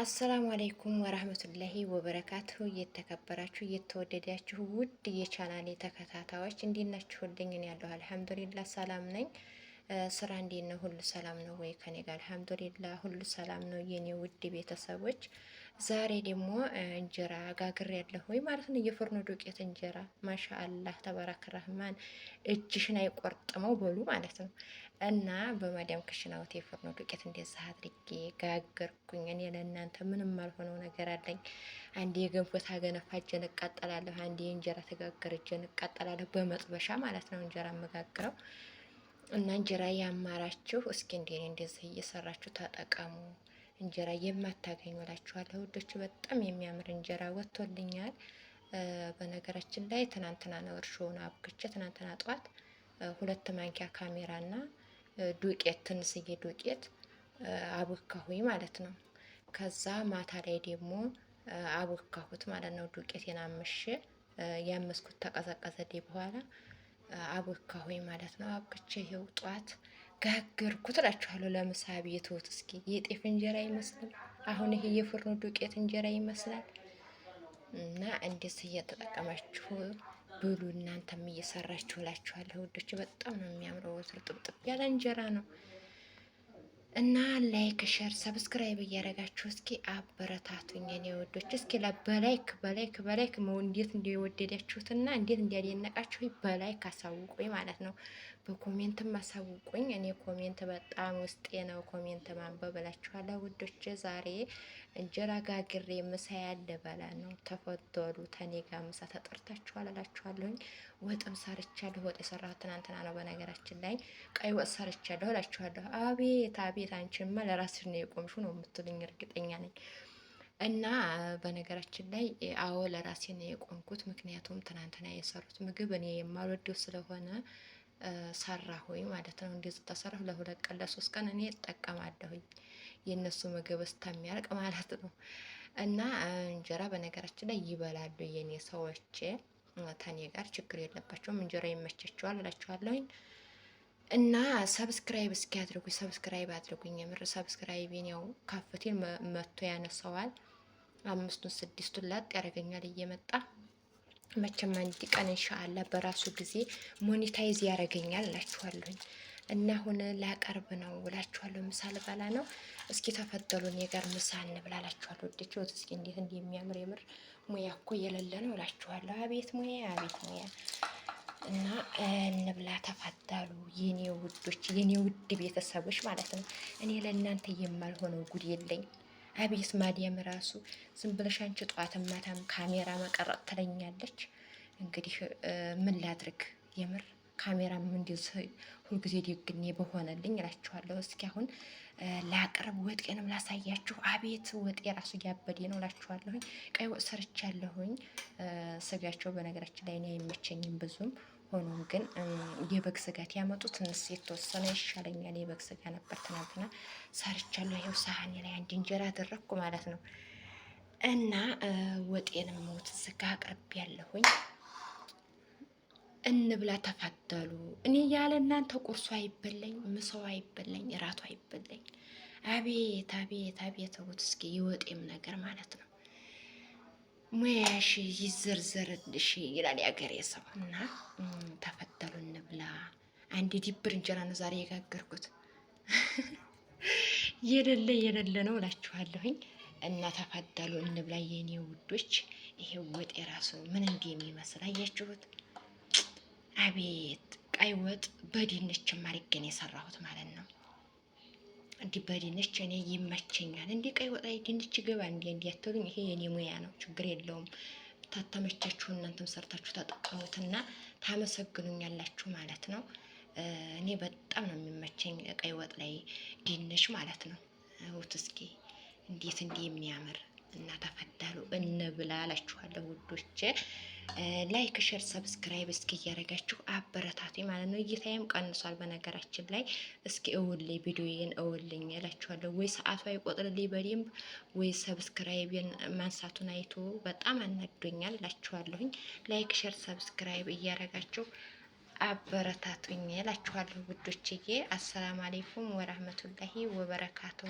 አሰላሙ አለይኩም ወራህመቱላሂ ወበረካቱ። እየተከበራችሁ እየተወደዳችሁ ውድ የቻናሌ ተከታታዮች እንዴት ናችሁልኝ? እኔ ያለሁ አልሐምዱሊላህ ሰላም ነኝ። ስራ እንዴት ነው? ሁሉ ሰላም ነው ወይ? ከኔ ጋር አልሐምዱሊላህ ሁሉ ሰላም ነው የኔ ውድ ቤተሰቦች ዛሬ ደግሞ እንጀራ ጋግር ያለሁ ወይ ማለት ነው። የፍርኖ ዱቄት እንጀራ ማሻአላህ ተባረከ ረህማን እጅሽን አይቆርጥመው በሉ ማለት ነው። እና በማዲያም ክሽናውት የፍርኖ ዱቄት እንደዛ አድርጌ ጋገርኩኝ። እኔ ለእናንተ ምንም አልሆነው ነገር አለኝ። አንድ የገንፎ ታገነፋ እጄን እቃጠላለሁ፣ አንድ የእንጀራ ተጋገር እጄን እቃጠላለሁ። በመጥበሻ ማለት ነው እንጀራ መጋግረው እና እንጀራ ያማራችሁ እስኪ እንዴ እንደዚህ እየሰራችሁ ተጠቀሙ። እንጀራ የማታገኙ እላችኋለሁ ውዶች። በጣም የሚያምር እንጀራ ወጥቶልኛል። በነገራችን ላይ ትናንትና ነው እርሾውን አብክቼ፣ ትናንትና ጠዋት ሁለት ማንኪያ ካሜራና ዱቄት ትንስዬ ዱቄት አቦካሁኝ ማለት ነው። ከዛ ማታ ላይ ደግሞ አቦካሁት ማለት ነው። ዱቄት የናመሽ ያመስኩት ተቀዘቀዘ በኋላ አቦካሁኝ ማለት ነው። አብክቼ ይኸው ጠዋት ጋገርኩ ትላችኋለሁ። ለምሳ ቤት እስኪ የጤፍ እንጀራ ይመስላል። አሁን ይሄ የፍርኑ ዱቄት እንጀራ ይመስላል። እና እንዴት እየተጠቀማችሁ ብሉ። እናንተም እየሰራችሁ እላችኋለሁ ውዶች። በጣም ነው የሚያምረው። ወትር ጥብጥብ ያለ እንጀራ ነው። እና ላይክ ሸር ሰብስክራይብ እያደረጋችሁ እስኪ አበረታቱኝ የኔ ውዶች። እስኪ በላይክ በላይክ በላይክ እንዴት እንደወደዳችሁትና እንዴት እንዲያደነቃችሁ በላይክ አሳውቁኝ ማለት ነው። በኮሜንት ማሳውቁኝ። እኔ ኮሜንት በጣም ውስጤ ነው፣ ኮሜንት ማንበብ እላችኋለሁ ውዶች። ዛሬ እንጀራ ጋግሬ ምሳ ያለ በላ ነው። ተፈተሉ ተኔ ጋር ምሳ ተጠርታችኋል እላችኋለሁኝ። ወጥም ሰርቻለሁ። ወጥ የሰራሁት ትናንትና ነው። በነገራችን ላይ ቀይ ወጥ ሰርቻለሁ እላችኋለሁ። አቤት አቤት! አንቺማ ለራስሽ ነው የቆምሹ ነው የምትሉኝ እርግጠኛ ነኝ። እና በነገራችን ላይ አዎ ለራሴ ነው የቆምኩት። ምክንያቱም ትናንትና የሰሩት ምግብ እኔ የማልወደው ስለሆነ ሰራሁኝ ማለት ነው። እንደዚህ ተሰራሁ ለሁለት ቀን ለሶስት ቀን እኔ እጠቀማለሁኝ የእነሱ ምግብ እስከሚያልቅ ማለት ነው። እና እንጀራ በነገራችን ላይ ይበላሉ የኔ ሰዎች ተኔ ጋር ችግር የለባቸውም። እንጀራ ይመቸቸዋል እላቸዋለሁኝ። እና ሰብስክራይብ እስኪ አድርጉኝ፣ ሰብስክራይብ አድርጉኝ። የምር ሰብስክራይቤን ያው ካፍቴን መጥቶ ያነሳዋል። አምስቱን ስድስቱን ላጥ ያደርገኛል እየመጣ መቼም አንድ ቀን እንሻአላ በራሱ ጊዜ ሞኔታይዝ ያደረገኛል እላችኋለሁኝ። እና አሁን ላቀርብ ነው እላችኋለሁ። ምሳ ልበላ ነው። እስኪ ተፈጠሉ እኔ ጋር ምሳ እንብላ እላችኋለሁ። ወደች ወት እስኪ እንዴት እንደሚያምር የምር ሙያ እኮ የሌለ ነው እላችኋለሁ። አቤት ሙያ፣ አቤት ሙያ እና እንብላ ተፋታሉ የኔ ውዶች፣ የኔ ውድ ቤተሰቦች ማለት ነው። እኔ ለእናንተ የማልሆነው ጉድ የለኝ። አቤት ማዲያም ራሱ ዝም ብለሽ አንቺ ጠዋትም ማታም ካሜራ መቀረጥ ትለኛለች። እንግዲህ ምን ላድርግ? የምር ካሜራም እንዲህ ሁልጊዜ ደግኔ በሆነልኝ እላችኋለሁ። እስኪ አሁን ላቅርብ፣ ወጤንም ላሳያችሁ። አቤት ወጤ ራሱ እያበዴ ነው እላችኋለሁኝ። ቀይ ወጥ ሰርቻለሁኝ። ስጋቸው በነገራችን ላይ እኔ አይመቸኝም ብዙም ሆኖም ግን የበግ ስጋት ያመጡ ትንስ የተወሰነ ይሻለኛል። የበግ ስጋ ነበር ትናንትና ሰርቻለሁ። ይኸው ሳህኔ ላይ አንድ እንጀራ አደረግኩ ማለት ነው። እና ወጤን ሞት ስጋ አቅርብ ያለሁኝ እንብላ፣ ተፋደሉ። እኔ ያለ እናንተ ቁርሱ አይበለኝ፣ ምሰው አይበለኝ፣ እራቱ አይበለኝ። አቤት አቤት አቤት! ተውት እስኪ የወጤም ነገር ማለት ነው ሙያሽ ይዘርዘርልሽ ይላል የአገሬ ሰው እና ተፈተሉ እንብላ። አንድ ዲብር እንጀራ ነው ዛሬ የጋገርኩት። የሌለ የሌለ ነው እላችኋለሁኝ። እና ተፈጠሉ እንብላ የኔ ውዶች። ይሄ ወጥ የራሱ ምን እንደሚመስል አያችሁት? አቤት ቀይ ወጥ በድንች ማሪገን የሰራሁት ማለት ነው። እንዲ በድንች እኔ ይመቸኛል። እንዲህ ቀይ ወጣ ድንች ገባ እንዲ እንዲ ያተሉኝ ይሄ የኔ ሙያ ነው። ችግር የለውም። ታተመቻችሁ እናንተም ሰርታችሁ ተጠቀሙትና ታመሰግኑኛላችሁ ማለት ነው። እኔ በጣም ነው የሚመቸኝ ቀይ ወጥ ላይ ድንች ማለት ነው። ውት እስኪ እንዴት እንዲህ የሚያምር እና ተፈዳሉ እንብላ እላችኋለሁ ውዶቼ። ላይክ፣ ሼር፣ ሰብስክራይብ እስኪ እያደረጋችሁ አበረታቱ ማለት ነው። እይታይም ቀንሷል። በነገራችን ላይ እስኪ እውልኝ ቪዲዮዬን እውልኝ እላችኋለሁ። ወይ ሰዓቱ ይቆጥርልኝ በደንብ ወይ ሰብስክራይብን ማንሳቱን አይቶ በጣም አናዶኛል እላችኋለሁኝ። ላይክ፣ ሼር፣ ሰብስክራይብ እያደረጋችሁ አበረታቱኝ እላችኋለሁ ውዶችዬ። አሰላሙ አሌይኩም ወረህመቱላሂ ወበረካቱ።